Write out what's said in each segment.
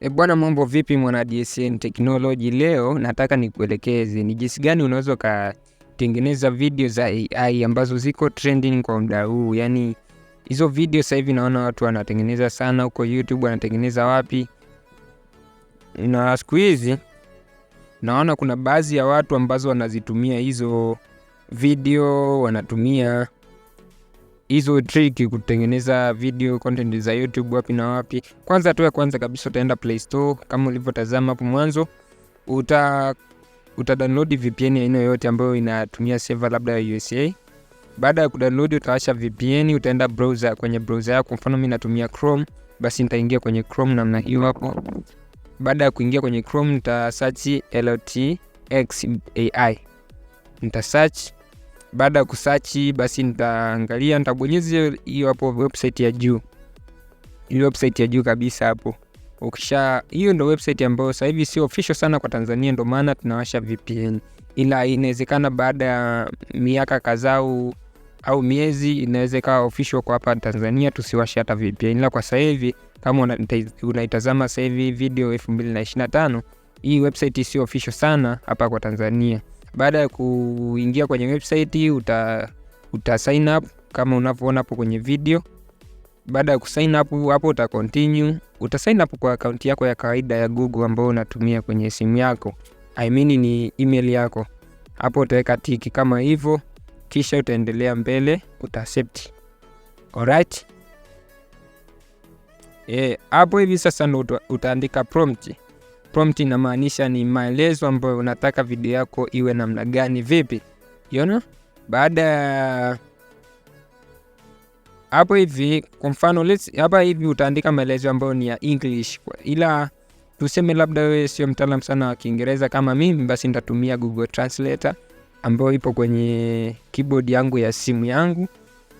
E bwana, mambo vipi mwana DSN Technology? Leo nataka nikuelekeze ni jinsi gani unaweza ukatengeneza video za AI ambazo ziko trending kwa muda huu. Yani hizo video sasa hivi naona watu wanatengeneza sana huko YouTube, wanatengeneza wapi, na siku hizi naona kuna baadhi ya watu ambazo wanazitumia hizo video, wanatumia hizo triki kutengeneza video content za YouTube wapi na wapi. Kwanza tu ya kwanza kabisa utaenda Play Store kama ulivyotazama hapo mwanzo, uta uta download VPN aina yoyote ambayo inatumia server labda ya USA. Baada ya kudownload utawasha VPN, utaenda browser, kwenye browser yako. Mfano mimi natumia Chrome, basi nitaingia kwenye Chrome namna hiyo hapo. Baada ya kuingia kwenye Chrome nita search LTXAI, nita search baada ya kusachi basi nitaangalia nitabonyeza hiyo hapo website ya juu, hiyo website ya juu kabisa hapo. Ukisha hiyo ndo website ambayo sasa hivi sio official sana kwa Tanzania, ndo maana tunawasha VPN, ila inawezekana baada ya miaka kadhaa au miezi inaweza ikawa official kwa hapa Tanzania, tusiwashe hata VPN. Ila kwa sasa hivi kama unaitazama sasa hivi video 2025 hii website sio official sana hapa kwa Tanzania. Baada ya kuingia kwenye website uta, uta sign up kama unavyoona hapo kwenye video. Baada ya kusign up hapo uta continue, uta sign up kwa account yako ya kawaida ya Google ambayo unatumia kwenye simu yako, I mean ni email yako. Hapo utaweka tiki kama hivyo, kisha utaendelea mbele, uta accept. Alright, eh, hapo hivi sasa ndo utaandika prompt Prompt inamaanisha ni maelezo ambayo unataka video yako iwe namna gani, vipi, yona Baada hapo hivi, kwa mfano hapa hivi utaandika maelezo ambayo ni ya English, ila tuseme labda wewe sio mtaalamu sana wa Kiingereza kama mimi, basi nitatumia Google Translator ambayo ipo kwenye keyboard yangu ya simu yangu.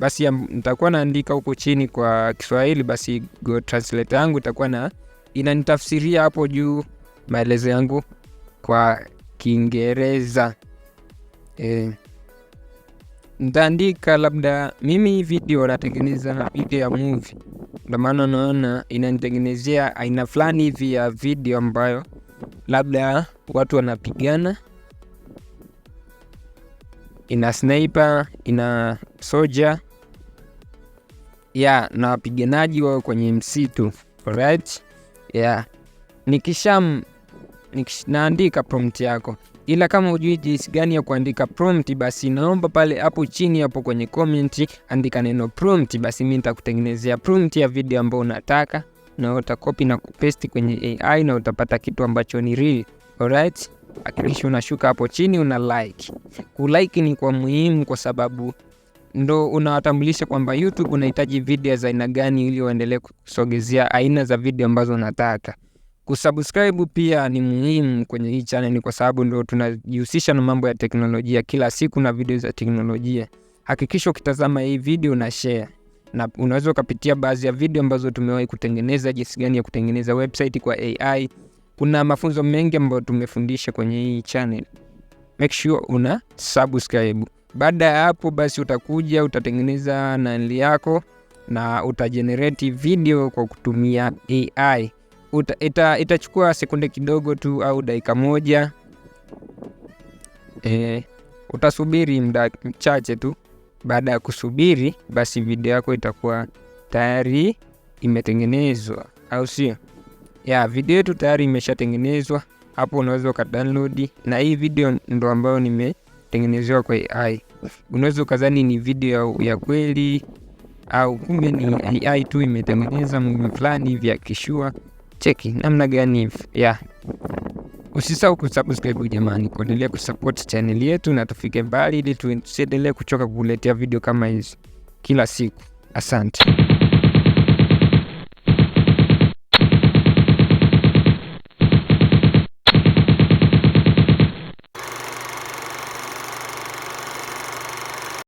Basi ya, nitakuwa naandika huko chini kwa Kiswahili, basi Google Translator yangu itakuwa na inanitafsiria hapo juu maelezo yangu kwa Kiingereza e, ntaandika labda mimi video natengeneza video ya mvi ndo maana unaona inanitengenezea aina fulani hivi ya video ambayo labda watu wanapigana, ina sniper, ina soja ya na wapiganaji wao kwenye msitu right? ya nikisham naandika prompt yako, ila kama hujui jinsi gani ya kuandika prompt, basi naomba pale hapo chini hapo kwenye comment andika neno prompt, basi mimi nitakutengenezea prompt ya video ambayo unataka, na utakopi na kupaste kwenye AI na utapata kitu ambacho ni real. Alright, hakikisha unashuka hapo chini una like. Kulike ni kwa muhimu kwa sababu ndo unawatambulisha kwamba YouTube unahitaji video za aina gani ili uendelee kusogezea aina za video ambazo unataka. Kusubscribe pia ni muhimu kwenye hii channel kwa sababu ndio tunajihusisha na mambo ya teknolojia kila siku na video za teknolojia. Hakikisha ukitazama hii video na share. Na unaweza ukapitia baadhi ya video ambazo tumewahi kutengeneza, jinsi gani ya kutengeneza website kwa AI. Kuna mafunzo mengi ambayo tumefundisha kwenye hii channel. Make sure una subscribe. Baada ya hapo basi utakuja utatengeneza nali yako na utagenerate video kwa kutumia AI uta, ita, itachukua sekunde kidogo tu au dakika moja e, utasubiri mda mchache tu. Baada ya kusubiri, basi video yako itakuwa tayari imetengenezwa, au sio? Ya video yetu tayari imeshatengenezwa. Hapo unaweza ukadownload, na hii video ndo ambayo nimetengenezewa kwa AI. Unaweza ukazani ni video ya, ya kweli au kumbe ni AI tu imetengeneza mimi fulani vya kishua cheki namna gani hivi ya Usisahau kusubscribe jamani, kuendelea kusupport channel yetu na tufike mbali, ili tusiendelee kuchoka kukuletea video kama hizi kila siku. Asante.